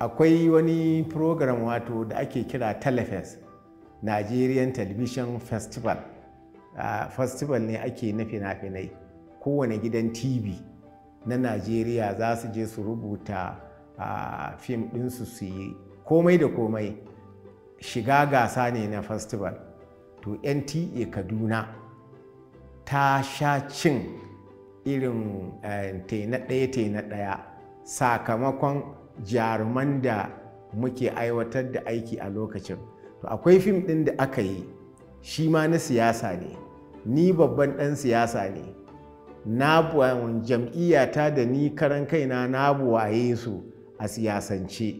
akwai wani program wato da ake kira telefest nigerian television festival uh, festival ne ake na fina-finai kowane gidan tv na najeriya za su je su rubuta uh, fim ɗinsu su yi komai da komai shiga gasa ne na festival to nta kaduna ta sha cin irin uh, eh, te na ɗaya te ɗaya sakamakon jaruman da muke aiwatar da aiki a lokacin to akwai fim ɗin da aka yi shi ma na siyasa ne ni babban ɗan siyasa ne na um, jam'iyyata da ni karan kaina na buwaye su a siyasance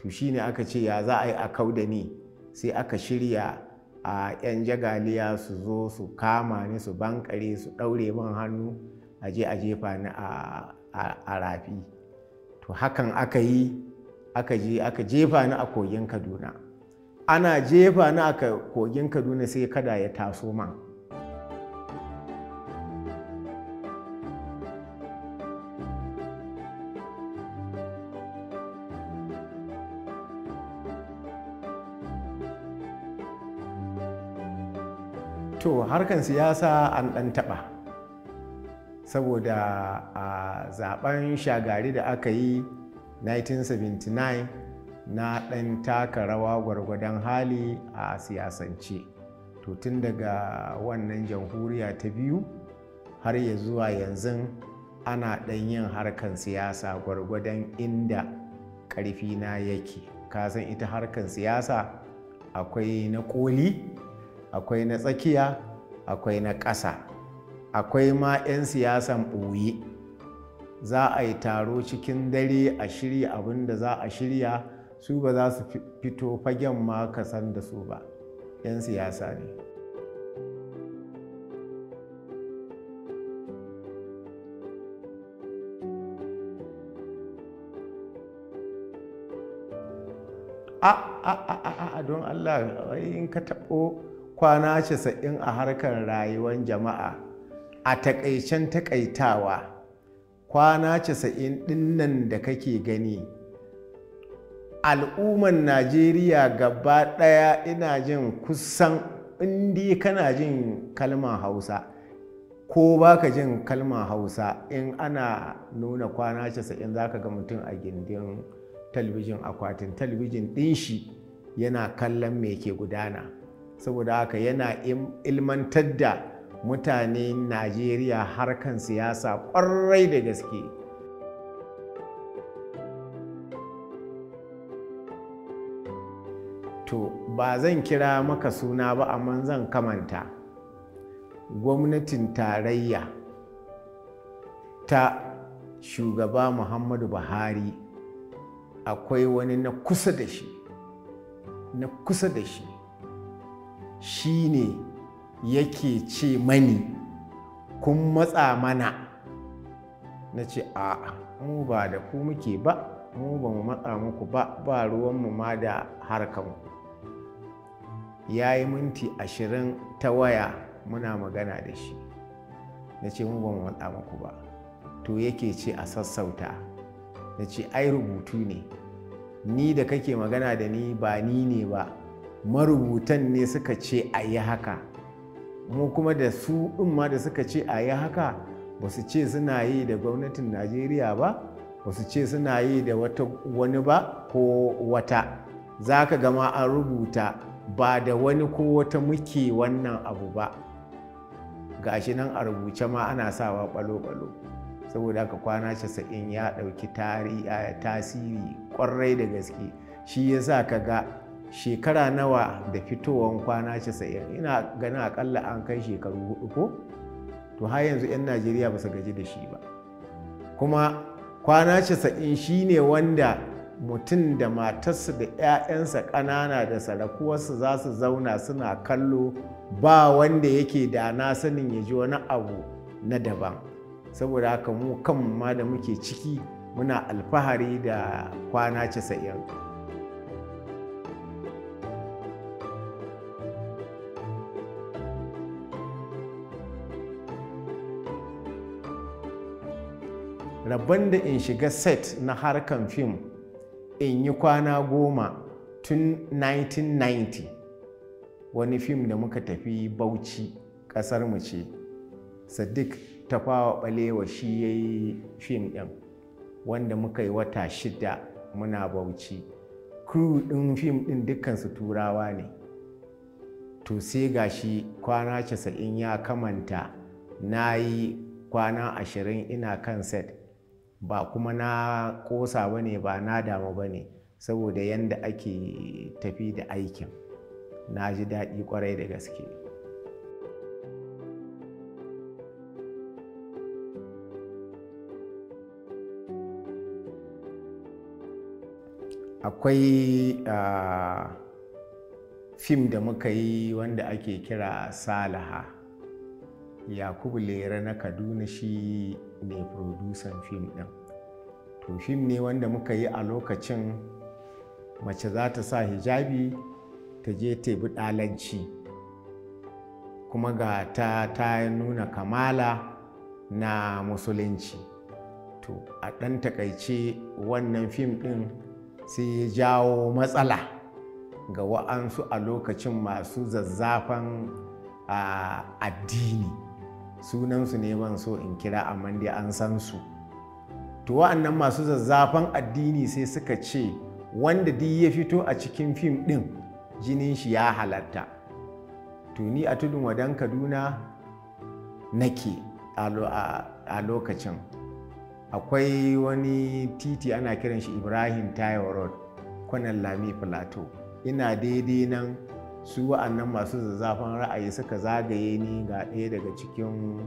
to shine aka ce ya za a yi a kau da ni sai aka shirya a 'yan jagaliya su zo su kama ni su bankare su ɗaure man hannu a je a jefa ni a rafi to hakan aka yi aka je aka jefa ni a kogin kaduna ana jefa ni a kogin kaduna sai kada ya taso man to harkan siyasa an ɗan taɓa saboda a zaben shagari da aka yi 1979 na ɗan taka rawa gwargwadon hali a siyasance to tun daga wannan jamhuriya ta biyu har ya zuwa yanzu ana ɗan yin harkan siyasa gwargwadon inda ƙarfi na yake kasan ita harkan siyasa akwai na koli akwai na tsakiya akwai na ƙasa akwai ma 'yan siyasan ɓoye za a yi taro cikin dare a shirya abin da za a shirya su ba za su fito fagen ma kasan da su ba 'yan siyasa ne a don Allah in ka taɓo kwana 90 a harkar rayuwar jama'a a takaicen takaitawa kwana casa'in dinnan da kake gani al'umman najeriya gaba daya ina jin kusan indi kana jin kalmar hausa ko baka jin kalmar hausa in ana nuna kwana casa'in zaka ga mutum a gindin talbijin akwatin talbijin din shi yana kallon me ke gudana saboda haka yana ilmantar da mutanen najeriya harkan siyasa ƙwarai da gaske to ba zan kira maka suna ba amma zan kamanta gwamnatin tarayya ta shugaba muhammadu buhari akwai wani na kusa da shi na kusa da shi shi ne yake ce mani kun matsa mana na ce a'a mu ba da ku muke ba mu ba mu matsa muku ba ba ruwanmu ma da harkanku ya yi minti ashirin ta waya muna magana da shi na ce mu ba mu matsa muku ba to yake ce a sassauta na ce ai rubutu ne ni da kake magana da ni ba ni ne ba marubutan ne suka ce a yi haka mu kuma da su in da suka ce a yi haka ba su ce suna yi da gwamnatin najeriya ba ba su ce suna yi da wata wani ba ko wata za ka gama an rubuta ba da wani ko wata muke wannan abu ba gashi nan a rubuce ma ana sawa balo-balo saboda haka kwana casa'in ya ɗauki eh, tasiri ƙwarai da gaske shi ya sa ka ga shekara nawa da fitowar kwana casa'in ina ganin akalla an kai shekaru hudu ko to har yanzu 'yan najeriya ba su gaji da shi ba kuma kwana 90 shine wanda mutum da matarsa da 'ya'yansa ƙanana da sarakuwarsa za su zauna suna kallo ba wanda yake da na sanin ya ji wani abu na daban saboda haka mu kan ma da muke ciki muna alfahari da kwana casa'in. rabon da in shiga set na harkan fim in yi kwana goma tun 1990 wani fim da muka tafi bauchi kasar mu ce sadiq tafawa balewa shi ya yi fim ɗin wanda muka yi wata shida muna bauchi crew ɗin fim ɗin dukkansu turawa ne to sai gashi kwana casa'in ya kamanta na yi kwana ashirin ina kan set ba kuma na kosa ba ne ba na damu ba ne saboda yadda ake tafi da aikin na ji daɗi kwarai da gaske akwai fim da muka yi wanda ake kira salaha yakubu lera na kaduna shi ne producer fim ɗin to fim ne wanda muka yi a lokacin mace za ta sa hijabi ta je bi ɗalanci kuma ga ta ta nuna kamala na musulunci to a ɗan takaice wannan fim ɗin sai ya jawo matsala ga wa'ansu a lokacin masu zazzafan ah, addini sunansu ne man so in kira amma dai an san su to wa'annan masu zazzafan addini sai suka ce wanda duk ya fito a cikin fim ɗin jinin shi ya halatta to ni a tudun wadan kaduna nake a lokacin akwai wani titi ana kiran shi ibrahim tayo road kwanan lami plateau ina daidai nan su wa'annan masu zazzafan ra'ayi suka zagaye ni ga ɗaya daga cikin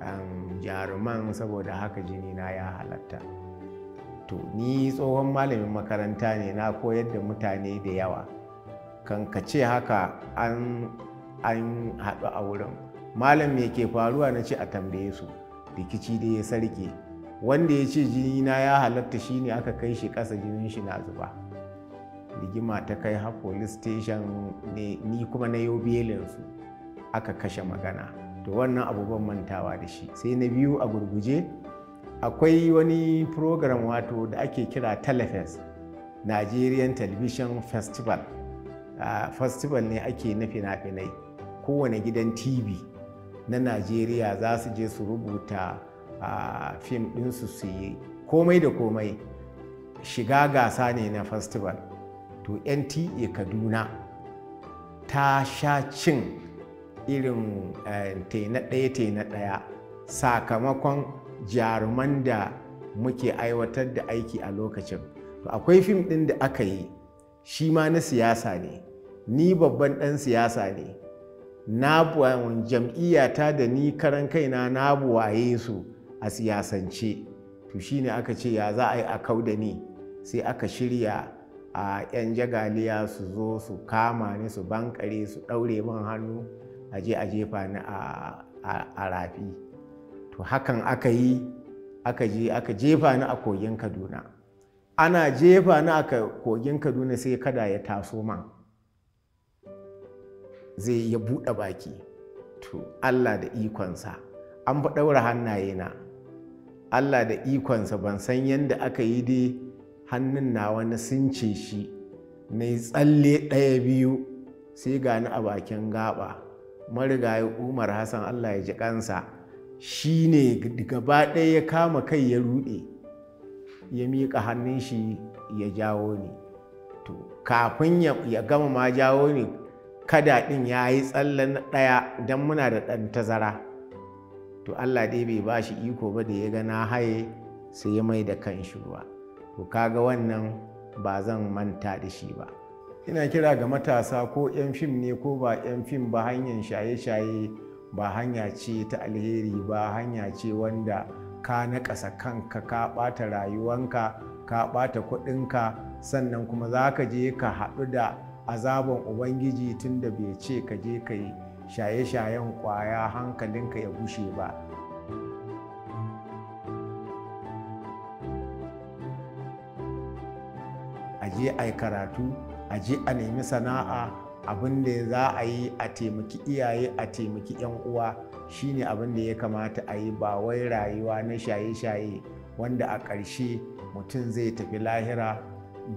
um, jaruman saboda haka jini na ya halatta to ni tsohon malamin makaranta ne na koyar da mutane da yawa kan haka an an haɗu a wurin malam me ke faruwa na ce a tambaye su rikici da ya sarke wanda ya ce jini na ya halatta ne aka kai shi ƙasa jinin shi na zuba rigima ta kai ha police station ne ni kuma na yau belinsu aka kashe magana to wannan abubuwan mantawa da shi sai na biyu a gurguje akwai wani program wato da ake kira telefes nigerian television festival festival ne ake na fina-finai kowane gidan tv na najeriya za su je su rubuta a fim ɗinsu su yi komai da komai shiga gasa ne na festival to nta kaduna ta sha cin irin eh, na ɗaya na ɗaya sakamakon jaruman da muke aiwatar da aiki a lokacin to akwai fim ɗin da aka yi shi ma na siyasa ne ni babban ɗan siyasa ne na eh, jam'iyyata da ni karan kaina na buwaye su a siyasance to shi ne aka ce ya za a yi a kau da ni sai aka shirya a 'yan jagaliya su zo su kama ni su bankare su ɗaure min hannu a je a jefa ni a rafi to hakan aka yi aka je aka jefa ni a kogin kaduna ana jefa ni a kogin kaduna sai kada ya taso man zai ya buɗe baki to allah da ikonsa an fi ɗaura hannaye na allah da ikonsa ban san yadda aka yi dai hannun nawa na sunce shi na tsalle ɗaya biyu sai gani a bakin gaba marigayi umar hassan allah ya ji kansa shi ne gaba ɗaya ya kama kai ya ruɗe ya miƙa hannun shi ya jawo ni to kafin ya gama ma jawo ni kada ɗin ya yi tsalle na ɗaya don muna da ɗan tazara to allah dai bai ba shi iko ba da ya ga na haye sai ya mai da kan shi ruwa to kaga wannan ba zan manta da shi ba ina kira ga matasa ko 'yan fim ne ko ba 'yan fim ba hanyar shaye-shaye ba hanya ce ta alheri ba hanya ce wanda ka naƙasa kanka ka ɓata rayuwanka ka ɓata kuɗinka sannan kuma za ka je ka haɗu da azaban ubangiji tunda bai ce ka je ka yi shaye-shayen ƙwaya hankalinka ya bushe ba je a yi karatu a je a nemi sana'a abin da za a yi a taimaki iyaye a taimaki 'yan uwa shine abin da ya kamata a yi ba wai rayuwa na shaye-shaye wanda a ƙarshe mutum zai tafi lahira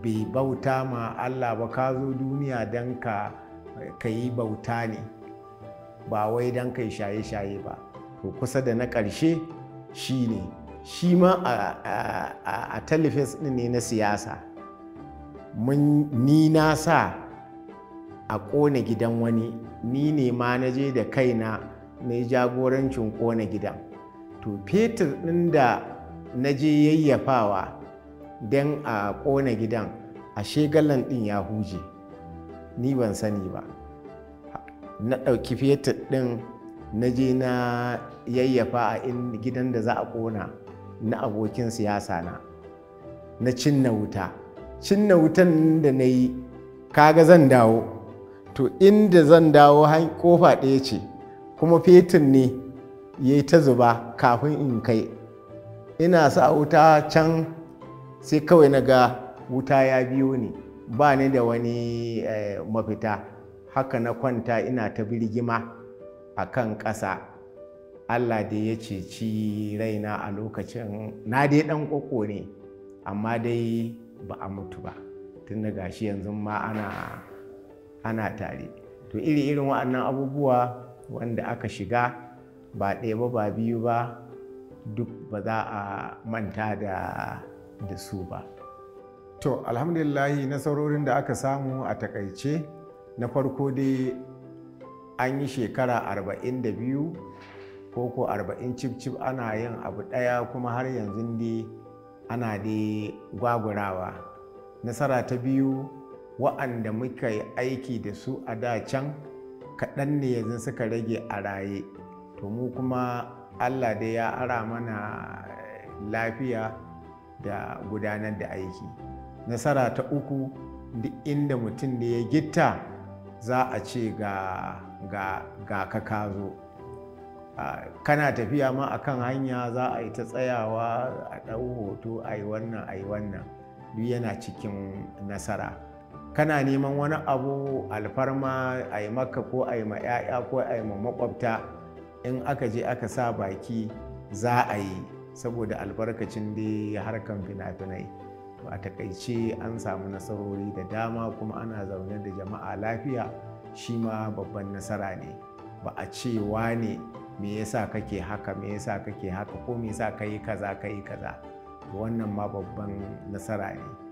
bai bauta ma Allah ba ka zo duniya don ka yi bauta ne ba wai don ka yi shaye-shaye ba to kusa da na ƙarshe shi ne shi ma a talifes ne na siyasa ni na sa a ƙone gidan wani ni ne ma na je da kaina na jagorancin ƙone gidan to fetur ɗin da na je yayyafawa don a ƙone gidan a shegalan ɗin ya huje ni ban sani ba na ɗauki fetur ɗin na je na yayyafa a gidan da za a ƙona na abokin siyasa na na cinna wuta cinna wutan da na yi kaga zan dawo to inda zan dawo kofa ɗaya ce kuma fetur ne ya yi ta zuba kafin in kai ina sa wuta can sai kawai na ga wuta ya biyo ni ba ni da wani eh, mafita haka na kwanta ina ta birgima a kan ƙasa allah da ya ceci raina a lokacin na dai ɗan ƙoƙo ne amma dai ba a mutu ba tun da gashi yanzu ma ana ana tare to iri irin waɗannan abubuwa wanda aka shiga ba ɗaya ba ba biyu ba duk ba za a manta da da su ba to alhamdulillahi nasarorin da aka samu a takaice na farko dai an yi shekara 42 ko ko 40 cif ana yin abu ɗaya kuma har yanzu dai ana dai gwagurawa nasara ta biyu wa'anda muka yi aiki da su a da can kaɗan ne yanzu suka rage a raye to mu kuma allah dai ya ara mana lafiya da gudanar da aiki nasara ta uku duk inda mutum da ya gitta za a ce ga, ga, ka zo kana tafiya ma a kan hanya za a yi ta tsayawa a ɗau hoto a yi wannan a yi wannan duk yana cikin nasara kana neman wani abu alfarma a yi maka ko a yi ma 'ya'ya ko a yi ma makwabta in aka je aka sa baki za a yi saboda albarkacin dai harkan fina-finai a takaice an samu nasarori da dama kuma ana zaune da jama'a lafiya shi ma babban nasara ne ba a ce wane me yasa kake haka me yasa kake haka ko me yasa kayi kaza kayi kaza wannan ma babban nasara ne